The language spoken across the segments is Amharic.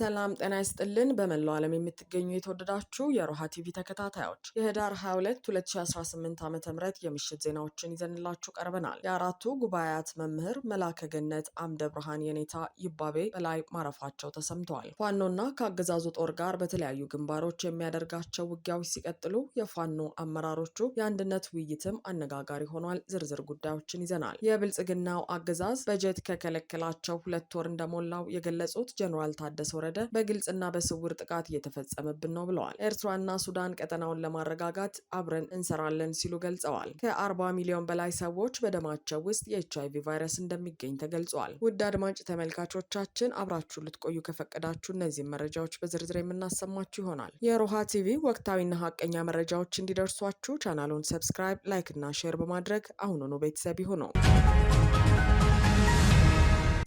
ሰላም ጤና ይስጥልን። በመላው ዓለም የምትገኙ የተወደዳችሁ የሮሃ ቲቪ ተከታታዮች የህዳር 22 2018 ዓ ም የምሽት ዜናዎችን ይዘንላችሁ ቀርበናል። የአራቱ ጉባኤያት መምህር መላከ ገነት አምደ ብርሃን የኔታ ይባቤ በላይ ማረፋቸው ተሰምተዋል። ፋኖና ከአገዛዙ ጦር ጋር በተለያዩ ግንባሮች የሚያደርጋቸው ውጊያዎች ሲቀጥሉ የፋኖ አመራሮቹ የአንድነት ውይይትም አነጋጋሪ ሆኗል። ዝርዝር ጉዳዮችን ይዘናል። የብልጽግናው አገዛዝ በጀት ከከለከላቸው ሁለት ወር እንደሞላው የገለጹት ጀኔራል ታደሰ እየወረደ በግልጽና በስውር ጥቃት እየተፈጸመብን ነው ብለዋል። ኤርትራና ሱዳን ቀጠናውን ለማረጋጋት አብረን እንሰራለን ሲሉ ገልጸዋል። ከ40 ሚሊዮን በላይ ሰዎች በደማቸው ውስጥ የኤች አይቪ ቫይረስ እንደሚገኝ ተገልጿል። ውድ አድማጭ ተመልካቾቻችን አብራችሁ ልትቆዩ ከፈቀዳችሁ እነዚህን መረጃዎች በዝርዝር የምናሰማችሁ ይሆናል። የሮሃ ቲቪ ወቅታዊና ሀቀኛ መረጃዎች እንዲደርሷችሁ ቻናሉን ሰብስክራይብ፣ ላይክ እና ሼር በማድረግ አሁኑኑ ቤተሰብ ይሁኑ።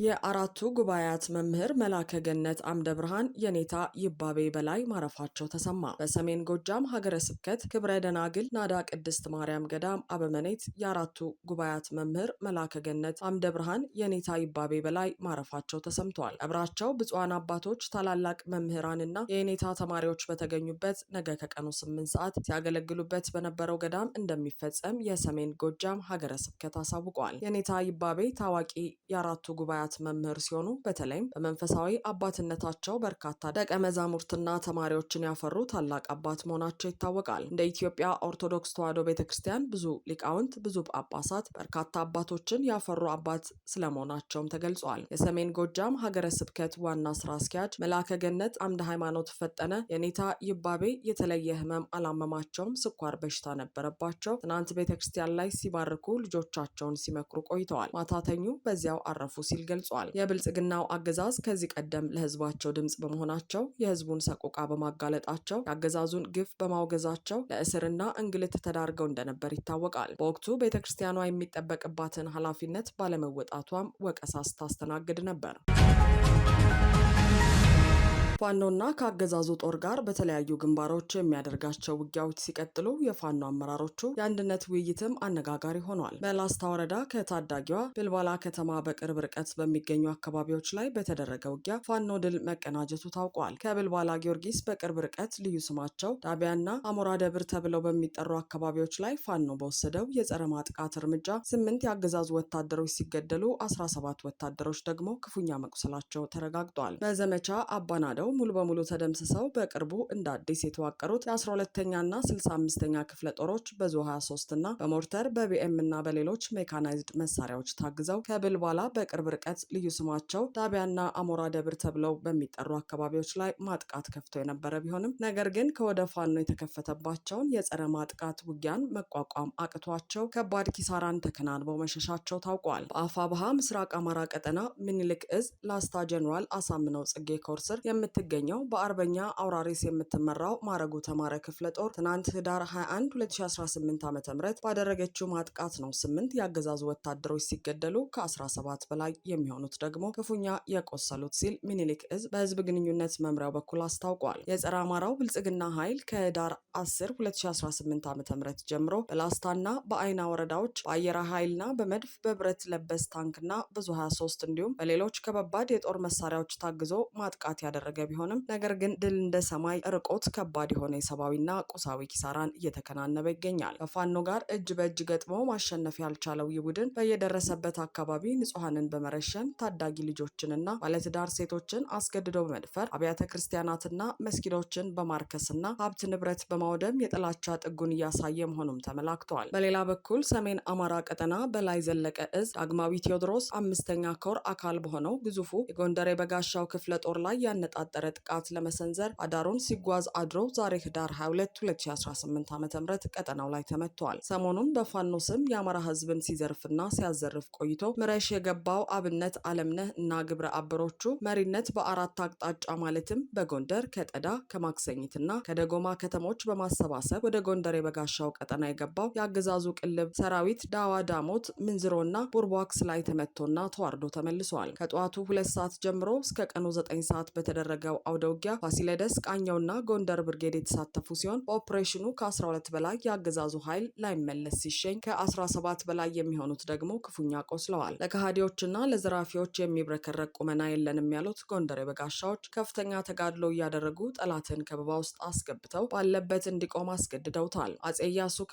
የአራቱ ጉባኤያት መምህር መላከ ገነት አምደ ብርሃን የኔታ ይባቤ በላይ ማረፋቸው ተሰማ። በሰሜን ጎጃም ሀገረ ስብከት ክብረ ደናግል ናዳ ቅድስት ማርያም ገዳም አበመኔት የአራቱ ጉባኤያት መምህር መላከ ገነት አምደ ብርሃን የኔታ ይባቤ በላይ ማረፋቸው ተሰምቷል። ቀብራቸው ብፁዓን አባቶች ታላላቅ መምህራንና የኔታ ተማሪዎች በተገኙበት ነገ ከቀኑ ስምንት ሰዓት ሲያገለግሉበት በነበረው ገዳም እንደሚፈጸም የሰሜን ጎጃም ሀገረ ስብከት አሳውቋል። የኔታ ይባቤ ታዋቂ የአራቱ ጉባኤያት የነቢያት መምህር ሲሆኑ በተለይም በመንፈሳዊ አባትነታቸው በርካታ ደቀ መዛሙርትና ተማሪዎችን ያፈሩ ታላቅ አባት መሆናቸው ይታወቃል። እንደ ኢትዮጵያ ኦርቶዶክስ ተዋሕዶ ቤተ ክርስቲያን ብዙ ሊቃውንት፣ ብዙ ጳጳሳት፣ በርካታ አባቶችን ያፈሩ አባት ስለመሆናቸውም ተገልጿል። የሰሜን ጎጃም ሀገረ ስብከት ዋና ስራ አስኪያጅ መልአከ ገነት አምደ ሃይማኖት ፈጠነ የኔታ ይባቤ የተለየ ህመም አላመማቸውም። ስኳር በሽታ ነበረባቸው። ትናንት ቤተ ክርስቲያን ላይ ሲባርኩ ልጆቻቸውን ሲመክሩ ቆይተዋል። ማታተኙ በዚያው አረፉ ሲል ገልጿል። ገልጿል። የብልጽግናው አገዛዝ ከዚህ ቀደም ለህዝባቸው ድምፅ በመሆናቸው የህዝቡን ሰቆቃ በማጋለጣቸው የአገዛዙን ግፍ በማውገዛቸው ለእስርና እንግልት ተዳርገው እንደነበር ይታወቃል። በወቅቱ ቤተ ክርስቲያኗ የሚጠበቅባትን ኃላፊነት ባለመወጣቷም ወቀሳ ስታስተናግድ ነበር። ፋኖና ከአገዛዙ ጦር ጋር በተለያዩ ግንባሮች የሚያደርጋቸው ውጊያዎች ሲቀጥሉ የፋኖ አመራሮቹ የአንድነት ውይይትም አነጋጋሪ ሆኗል። በላስታ ወረዳ ከታዳጊዋ ብልባላ ከተማ በቅርብ ርቀት በሚገኙ አካባቢዎች ላይ በተደረገ ውጊያ ፋኖ ድል መቀናጀቱ ታውቋል። ከብልባላ ጊዮርጊስ በቅርብ ርቀት ልዩ ስማቸው ዳቢያና አሞራ ደብር ተብለው በሚጠሩ አካባቢዎች ላይ ፋኖ በወሰደው የጸረ ማጥቃት እርምጃ ስምንት የአገዛዙ ወታደሮች ሲገደሉ አስራ ሰባት ወታደሮች ደግሞ ክፉኛ መቁሰላቸው ተረጋግጧል። በዘመቻ አባናደው ሙሉ በሙሉ ተደምስሰው በቅርቡ እንደ አዲስ የተዋቀሩት የ12ተኛና 65ተኛ ክፍለ ጦሮች በዙ 23 እና በሞርተር በቢኤም እና በሌሎች ሜካናይዝድ መሳሪያዎች ታግዘው ከብልባላ በቅርብ ርቀት ልዩ ስማቸው ዳቢያና አሞራ ደብር ተብለው በሚጠሩ አካባቢዎች ላይ ማጥቃት ከፍቶ የነበረ ቢሆንም ነገር ግን ከወደ ፋኖ የተከፈተባቸውን የጸረ ማጥቃት ውጊያን መቋቋም አቅቷቸው ከባድ ኪሳራን ተከናንበው መሸሻቸው ታውቋል። በአፋ ባሃ ምስራቅ አማራ ቀጠና ምኒልክ እዝ ላስታ ጀኔራል አሳምነው ጽጌ ኮርስር የምት የምትገኘው በአርበኛ አውራሪስ የምትመራው ማረጉ ተማረ ክፍለ ጦር ትናንት ህዳር 21 2018 ዓ ም ባደረገችው ማጥቃት ነው ስምንት የአገዛዙ ወታደሮች ሲገደሉ ከ17 በላይ የሚሆኑት ደግሞ ክፉኛ የቆሰሉት ሲል ሚኒሊክ እዝ በህዝብ ግንኙነት መምሪያው በኩል አስታውቋል። የጸረ አማራው ብልጽግና ኃይል ከህዳር 10 2018 ዓ ም ጀምሮ በላስታና በአይና ወረዳዎች በአየር ኃይልና በመድፍ በብረት ለበስ ታንክና ብዙ 23 እንዲሁም በሌሎች ከባባድ የጦር መሳሪያዎች ታግዞ ማጥቃት ያደረገ ቢሆንም ነገር ግን ድል እንደ ሰማይ ርቆት ከባድ የሆነ የሰብአዊና ቁሳዊ ኪሳራን እየተከናነበ ይገኛል። ከፋኖ ጋር እጅ በእጅ ገጥሞ ማሸነፍ ያልቻለው ይህ ቡድን በየደረሰበት አካባቢ ንጹሐንን በመረሸን ታዳጊ ልጆችንና ባለትዳር ሴቶችን አስገድዶ በመድፈር አብያተ ክርስቲያናትና መስጊዶችን በማርከስና ሀብት ንብረት በማውደም የጥላቻ ጥጉን እያሳየ መሆኑም ተመላክተዋል። በሌላ በኩል ሰሜን አማራ ቀጠና በላይ ዘለቀ እዝ ዳግማዊ ቴዎድሮስ አምስተኛ ኮር አካል በሆነው ግዙፉ የጎንደር የበጋሻው ክፍለ ጦር ላይ ያነጣጠ ያነጣጠረ ጥቃት ለመሰንዘር አዳሩን ሲጓዝ አድሮ ዛሬ ህዳር 22 2018 ዓ ም ቀጠናው ላይ ተመቷል። ሰሞኑን በፋኖ ስም የአማራ ህዝብን ሲዘርፍና ሲያዘርፍ ቆይቶ ምረሽ የገባው አብነት አለምነህ እና ግብረ አበሮቹ መሪነት በአራት አቅጣጫ ማለትም በጎንደር ከጠዳ ከማክሰኝትና ከደጎማ ከተሞች በማሰባሰብ ወደ ጎንደር የበጋሻው ቀጠና የገባው የአገዛዙ ቅልብ ሰራዊት ዳዋ ዳሞት ምንዝሮና ቡርቧክስ ላይ ተመቶና ተዋርዶ ተመልሷል። ከጠዋቱ ሁለት ሰዓት ጀምሮ እስከ ቀኑ 9 ሰዓት በተደረገ በተደረገው አውደውጊያ ፋሲለደስ ቃኘውና ጎንደር ብርጌድ የተሳተፉ ሲሆን በኦፕሬሽኑ ከ12 በላይ የአገዛዙ ኃይል ላይመለስ ሲሸኝ ከ17 በላይ የሚሆኑት ደግሞ ክፉኛ ቆስለዋል። ለከሃዲዎችና ለዘራፊዎች የሚብረከረቅ ቁመና የለንም ያሉት ጎንደር የበጋሻዎች ከፍተኛ ተጋድሎ እያደረጉ ጠላትን ከበባ ውስጥ አስገብተው ባለበት እንዲቆም አስገድደውታል። አጼ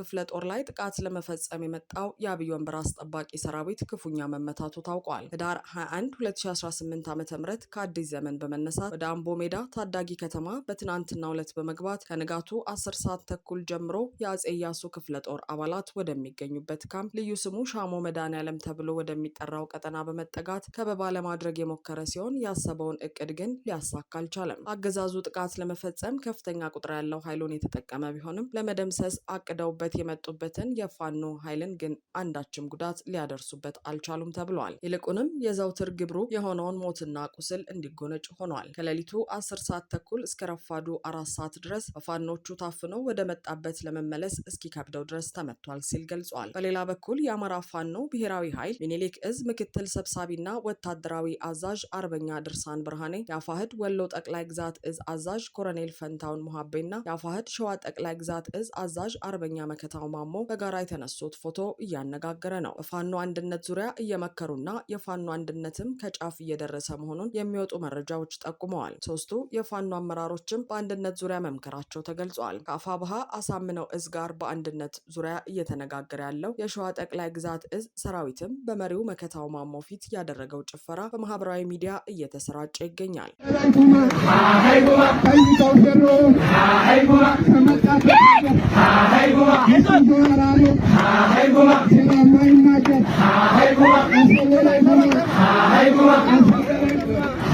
ክፍለ ጦር ላይ ጥቃት ለመፈጸም የመጣው የአብይ ወንበር አስጠባቂ ሰራዊት ክፉኛ መመታቱ ታውቋል። ህዳር 21 2018 ዓ ም ከአዲስ ዘመን በመነሳት ወደ የአምቦ ሜዳ ታዳጊ ከተማ በትናንትናው ዕለት በመግባት ከንጋቱ አስር ሰዓት ተኩል ጀምሮ የአጼ ኢያሱ ክፍለ ጦር አባላት ወደሚገኙበት ካምፕ ልዩ ስሙ ሻሞ መድኃኔዓለም ተብሎ ወደሚጠራው ቀጠና በመጠጋት ከበባ ለማድረግ የሞከረ ሲሆን ያሰበውን እቅድ ግን ሊያሳካ አልቻለም። አገዛዙ ጥቃት ለመፈጸም ከፍተኛ ቁጥር ያለው ኃይሉን የተጠቀመ ቢሆንም ለመደምሰስ አቅደውበት የመጡበትን የፋኖ ኃይልን ግን አንዳችም ጉዳት ሊያደርሱበት አልቻሉም ተብሏል። ይልቁንም የዘውትር ግብሩ የሆነውን ሞትና ቁስል እንዲጎነጭ ሆኗል። ከሌሊቱ ከሌሊቱ 10 ሰዓት ተኩል እስከ ረፋዱ አራት ሰዓት ድረስ በፋኖቹ ታፍኖ ወደ መጣበት ለመመለስ እስኪከብደው ድረስ ተመቷል ሲል ገልጿል። በሌላ በኩል የአማራ ፋኖ ብሔራዊ ኃይል ሚኒሊክ እዝ ምክትል ሰብሳቢና ወታደራዊ አዛዥ አርበኛ ድርሳን ብርሃኔ፣ የአፋህድ ወሎ ጠቅላይ ግዛት እዝ አዛዥ ኮረኔል ፈንታውን ሙሀቤና የአፋህድ ሸዋ ጠቅላይ ግዛት እዝ አዛዥ አርበኛ መከታው ማሞ በጋራ የተነሱት ፎቶ እያነጋገረ ነው። በፋኖ አንድነት ዙሪያ እየመከሩና የፋኖ አንድነትም ከጫፍ እየደረሰ መሆኑን የሚወጡ መረጃዎች ጠቁመዋል። ሶስቱ የፋኖ አመራሮችም በአንድነት ዙሪያ መምከራቸው ተገልጿል። ከአፋብሃ አሳምነው እዝ ጋር በአንድነት ዙሪያ እየተነጋገረ ያለው የሸዋ ጠቅላይ ግዛት እዝ ሰራዊትም በመሪው መከታው ማሞ ፊት ያደረገው ጭፈራ በማህበራዊ ሚዲያ እየተሰራጨ ይገኛል።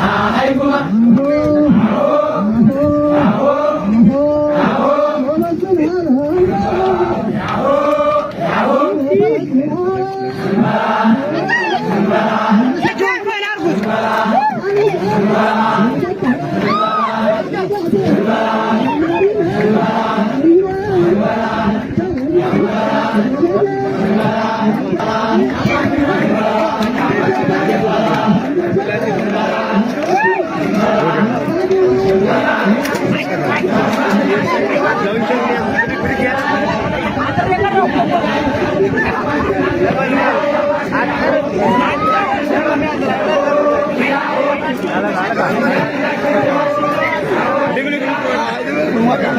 Bye.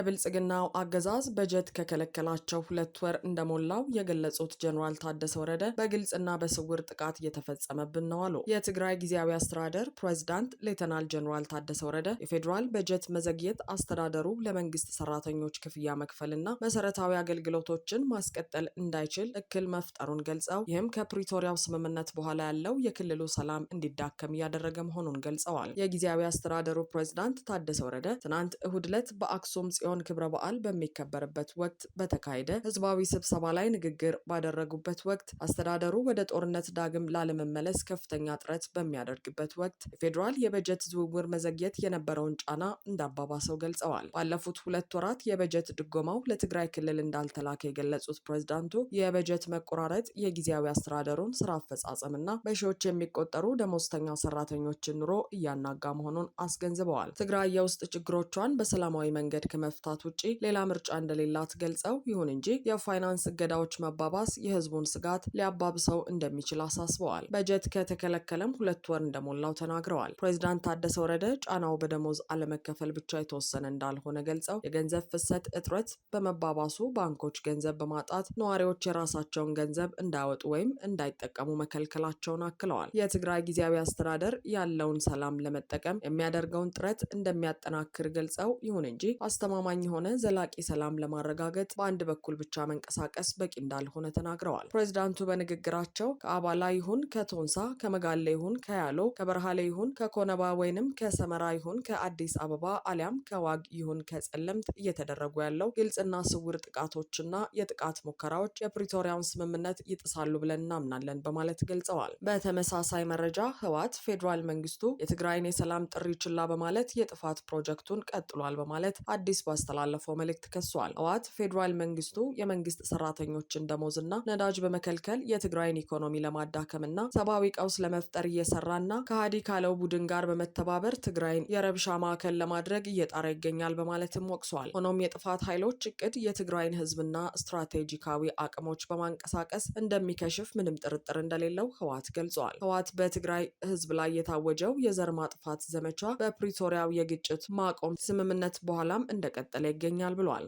የብልጽግናው አገዛዝ በጀት ከከለከላቸው ሁለት ወር እንደሞላው የገለጹት ጀኔራል ታደሰ ወረደ በግልጽና በስውር ጥቃት እየተፈጸመብን ነው አሉ። የትግራይ ጊዜያዊ አስተዳደር ፕሬዚዳንት ሌተናል ጀኔራል ታደሰ ወረደ የፌዴራል በጀት መዘግየት አስተዳደሩ ለመንግስት ሰራተኞች ክፍያ መክፈልና መሰረታዊ አገልግሎቶችን ማስቀጠል እንዳይችል እክል መፍጠሩን ገልጸው ይህም ከፕሪቶሪያው ስምምነት በኋላ ያለው የክልሉ ሰላም እንዲዳከም እያደረገ መሆኑን ገልጸዋል። የጊዜያዊ አስተዳደሩ ፕሬዚዳንት ታደሰ ወረደ ትናንት እሁድ ዕለት በአክሱም ጽዮን ጽዮን ክብረ በዓል በሚከበርበት ወቅት በተካሄደ ህዝባዊ ስብሰባ ላይ ንግግር ባደረጉበት ወቅት አስተዳደሩ ወደ ጦርነት ዳግም ላለመመለስ ከፍተኛ ጥረት በሚያደርግበት ወቅት የፌዴራል የበጀት ዝውውር መዘግየት የነበረውን ጫና እንዳባባሰው ገልጸዋል። ባለፉት ሁለት ወራት የበጀት ድጎማው ለትግራይ ክልል እንዳልተላከ የገለጹት ፕሬዝዳንቱ የበጀት መቆራረጥ የጊዜያዊ አስተዳደሩን ስራ አፈጻጸምና በሺዎች የሚቆጠሩ ደሞዝተኛ ሰራተኞችን ኑሮ እያናጋ መሆኑን አስገንዝበዋል። ትግራይ የውስጥ ችግሮቿን በሰላማዊ መንገድ ከመፍ ከመፍታት ውጭ ሌላ ምርጫ እንደሌላት ገልጸው፣ ይሁን እንጂ የፋይናንስ እገዳዎች መባባስ የህዝቡን ስጋት ሊያባብሰው እንደሚችል አሳስበዋል። በጀት ከተከለከለም ሁለት ወር እንደሞላው ተናግረዋል። ፕሬዚዳንት ታደሰ ወረደ ጫናው በደሞዝ አለመከፈል ብቻ የተወሰነ እንዳልሆነ ገልጸው የገንዘብ ፍሰት እጥረት በመባባሱ ባንኮች ገንዘብ በማጣት ነዋሪዎች የራሳቸውን ገንዘብ እንዳያወጡ ወይም እንዳይጠቀሙ መከልከላቸውን አክለዋል። የትግራይ ጊዜያዊ አስተዳደር ያለውን ሰላም ለመጠቀም የሚያደርገውን ጥረት እንደሚያጠናክር ገልጸው ይሁን እንጂ አስተማማ አስተማማኝ የሆነ ዘላቂ ሰላም ለማረጋገጥ በአንድ በኩል ብቻ መንቀሳቀስ በቂ እንዳልሆነ ተናግረዋል። ፕሬዚዳንቱ በንግግራቸው ከአባላ ይሁን ከቶንሳ ከመጋሌ ይሁን ከያሎ ከበርሃሌ ይሁን ከኮነባ ወይንም ከሰመራ ይሁን ከአዲስ አበባ አሊያም ከዋግ ይሁን ከጸለምት እየተደረጉ ያለው ግልጽና ስውር ጥቃቶችና የጥቃት ሙከራዎች የፕሪቶሪያውን ስምምነት ይጥሳሉ ብለን እናምናለን በማለት ገልጸዋል። በተመሳሳይ መረጃ ህወሓት ፌዴራል መንግስቱ የትግራይን የሰላም ጥሪ ችላ በማለት የጥፋት ፕሮጀክቱን ቀጥሏል በማለት አዲስ ባስ ባስተላለፈው መልእክት ከሷል። ህወሓት ፌዴራል መንግስቱ የመንግስት ሰራተኞችን ደሞዝና ነዳጅ በመከልከል የትግራይን ኢኮኖሚ ለማዳከምና ሰብአዊ ቀውስ ለመፍጠር እየሰራና ከሃዲ ካለው ቡድን ጋር በመተባበር ትግራይን የረብሻ ማዕከል ለማድረግ እየጣረ ይገኛል በማለትም ወቅሷል። ሆኖም የጥፋት ኃይሎች እቅድ የትግራይን ህዝብና ስትራቴጂካዊ አቅሞች በማንቀሳቀስ እንደሚከሽፍ ምንም ጥርጥር እንደሌለው ህወሓት ገልጿል። ህወሓት በትግራይ ህዝብ ላይ የታወጀው የዘር ማጥፋት ዘመቻ በፕሪቶሪያው የግጭት ማቆም ስምምነት በኋላም እንደቀጠ እየቀጠለ ይገኛል ብሏል።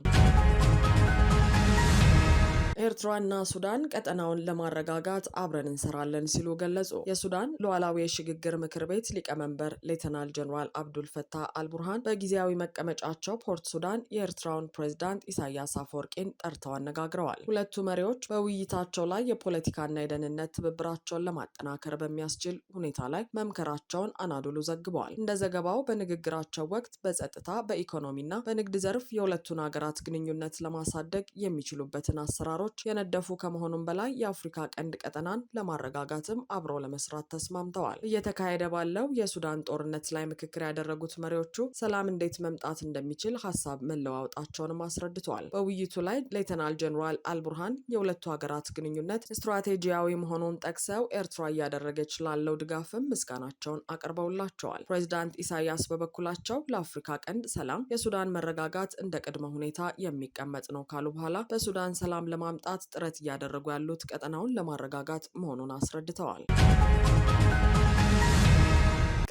ኤርትራና ሱዳን ቀጠናውን ለማረጋጋት አብረን እንሰራለን ሲሉ ገለጹ። የሱዳን ሉዓላዊ የሽግግር ምክር ቤት ሊቀመንበር ሌተናል ጀኔራል አብዱልፈታህ አልቡርሃን በጊዜያዊ መቀመጫቸው ፖርት ሱዳን የኤርትራውን ፕሬዚዳንት ኢሳያስ አፈወርቂን ጠርተው አነጋግረዋል። ሁለቱ መሪዎች በውይይታቸው ላይ የፖለቲካና የደህንነት ትብብራቸውን ለማጠናከር በሚያስችል ሁኔታ ላይ መምከራቸውን አናዶሉ ዘግበዋል። እንደ ዘገባው በንግግራቸው ወቅት በጸጥታ በኢኮኖሚና በንግድ ዘርፍ የሁለቱን ሀገራት ግንኙነት ለማሳደግ የሚችሉበትን አሰራሮች ሀሳቦች የነደፉ ከመሆኑም በላይ የአፍሪካ ቀንድ ቀጠናን ለማረጋጋትም አብረው ለመስራት ተስማምተዋል። እየተካሄደ ባለው የሱዳን ጦርነት ላይ ምክክር ያደረጉት መሪዎቹ ሰላም እንዴት መምጣት እንደሚችል ሀሳብ መለዋወጣቸውንም አስረድተዋል። በውይይቱ ላይ ሌተናል ጀኔራል አልቡርሃን የሁለቱ ሀገራት ግንኙነት ስትራቴጂያዊ መሆኑን ጠቅሰው ኤርትራ እያደረገች ላለው ድጋፍም ምስጋናቸውን አቅርበውላቸዋል። ፕሬዚዳንት ኢሳያስ በበኩላቸው ለአፍሪካ ቀንድ ሰላም የሱዳን መረጋጋት እንደ ቅድመ ሁኔታ የሚቀመጥ ነው ካሉ በኋላ በሱዳን ሰላም ለማምጣት ለማምጣት ጥረት እያደረጉ ያሉት ቀጠናውን ለማረጋጋት መሆኑን አስረድተዋል።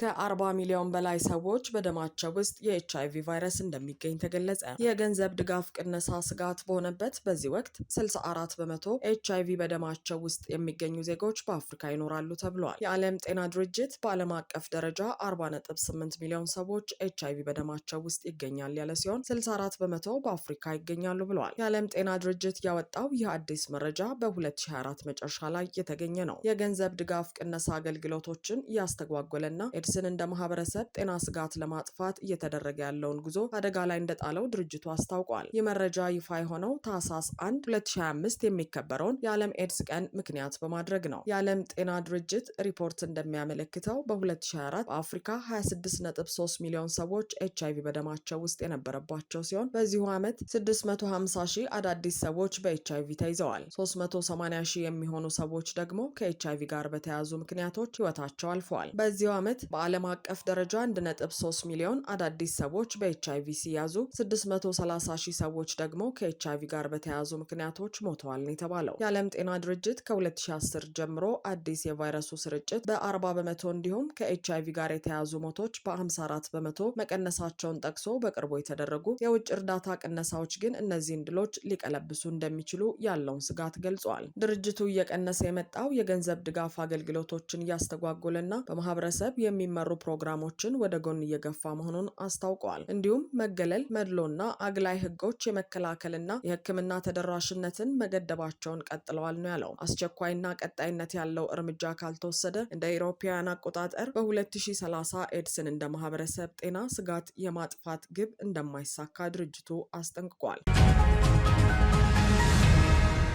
ከ40 ሚሊዮን በላይ ሰዎች በደማቸው ውስጥ የኤች አይቪ ቫይረስ እንደሚገኝ ተገለጸ። የገንዘብ ድጋፍ ቅነሳ ስጋት በሆነበት በዚህ ወቅት 64 በመቶ ኤች አይቪ በደማቸው ውስጥ የሚገኙ ዜጎች በአፍሪካ ይኖራሉ ተብሏል። የዓለም ጤና ድርጅት በዓለም አቀፍ ደረጃ 48 ሚሊዮን ሰዎች ኤች አይቪ በደማቸው ውስጥ ይገኛል ያለ ሲሆን 64 በመቶ በአፍሪካ ይገኛሉ ብለዋል። የዓለም ጤና ድርጅት ያወጣው ይህ አዲስ መረጃ በ2024 መጨረሻ ላይ የተገኘ ነው። የገንዘብ ድጋፍ ቅነሳ አገልግሎቶችን እያስተጓጎለና ኤድስ ቫይረስን እንደ ማህበረሰብ ጤና ስጋት ለማጥፋት እየተደረገ ያለውን ጉዞ አደጋ ላይ እንደጣለው ድርጅቱ አስታውቋል። ይህ መረጃ ይፋ የሆነው ታህሳስ 1 2025 የሚከበረውን የዓለም ኤድስ ቀን ምክንያት በማድረግ ነው። የዓለም ጤና ድርጅት ሪፖርት እንደሚያመለክተው በ2024 በአፍሪካ 26.3 ሚሊዮን ሰዎች ኤች አይቪ በደማቸው ውስጥ የነበረባቸው ሲሆን በዚሁ ዓመት 650 ሺህ አዳዲስ ሰዎች በኤች አይቪ ተይዘዋል። 380 ሺህ የሚሆኑ ሰዎች ደግሞ ከኤች አይቪ ጋር በተያያዙ ምክንያቶች ህይወታቸው አልፈዋል። በዚሁ ዓመት በዓለም አቀፍ ደረጃ 1.3 ሚሊዮን አዳዲስ ሰዎች በኤች አይቪ ሲያዙ 630 ሺህ ሰዎች ደግሞ ከኤች አይቪ ጋር በተያያዙ ምክንያቶች ሞተዋል ነው የተባለው። የዓለም ጤና ድርጅት ከ2010 ጀምሮ አዲስ የቫይረሱ ስርጭት በ40 በመቶ እንዲሁም ከኤች አይቪ ጋር የተያያዙ ሞቶች በ54 በመቶ መቀነሳቸውን ጠቅሶ በቅርቡ የተደረጉ የውጭ እርዳታ ቅነሳዎች ግን እነዚህን ድሎች ሊቀለብሱ እንደሚችሉ ያለውን ስጋት ገልጿል። ድርጅቱ እየቀነሰ የመጣው የገንዘብ ድጋፍ አገልግሎቶችን እያስተጓጎለና በማህበረሰብ የሚ የሚመሩ ፕሮግራሞችን ወደ ጎን እየገፋ መሆኑን አስታውቀዋል። እንዲሁም መገለል፣ መድሎና አግላይ ህጎች የመከላከልና የህክምና ተደራሽነትን መገደባቸውን ቀጥለዋል ነው ያለው። አስቸኳይና ቀጣይነት ያለው እርምጃ ካልተወሰደ እንደ ኢሮፓውያን አቆጣጠር በ2030 ኤድስን እንደ ማህበረሰብ ጤና ስጋት የማጥፋት ግብ እንደማይሳካ ድርጅቱ አስጠንቅቋል።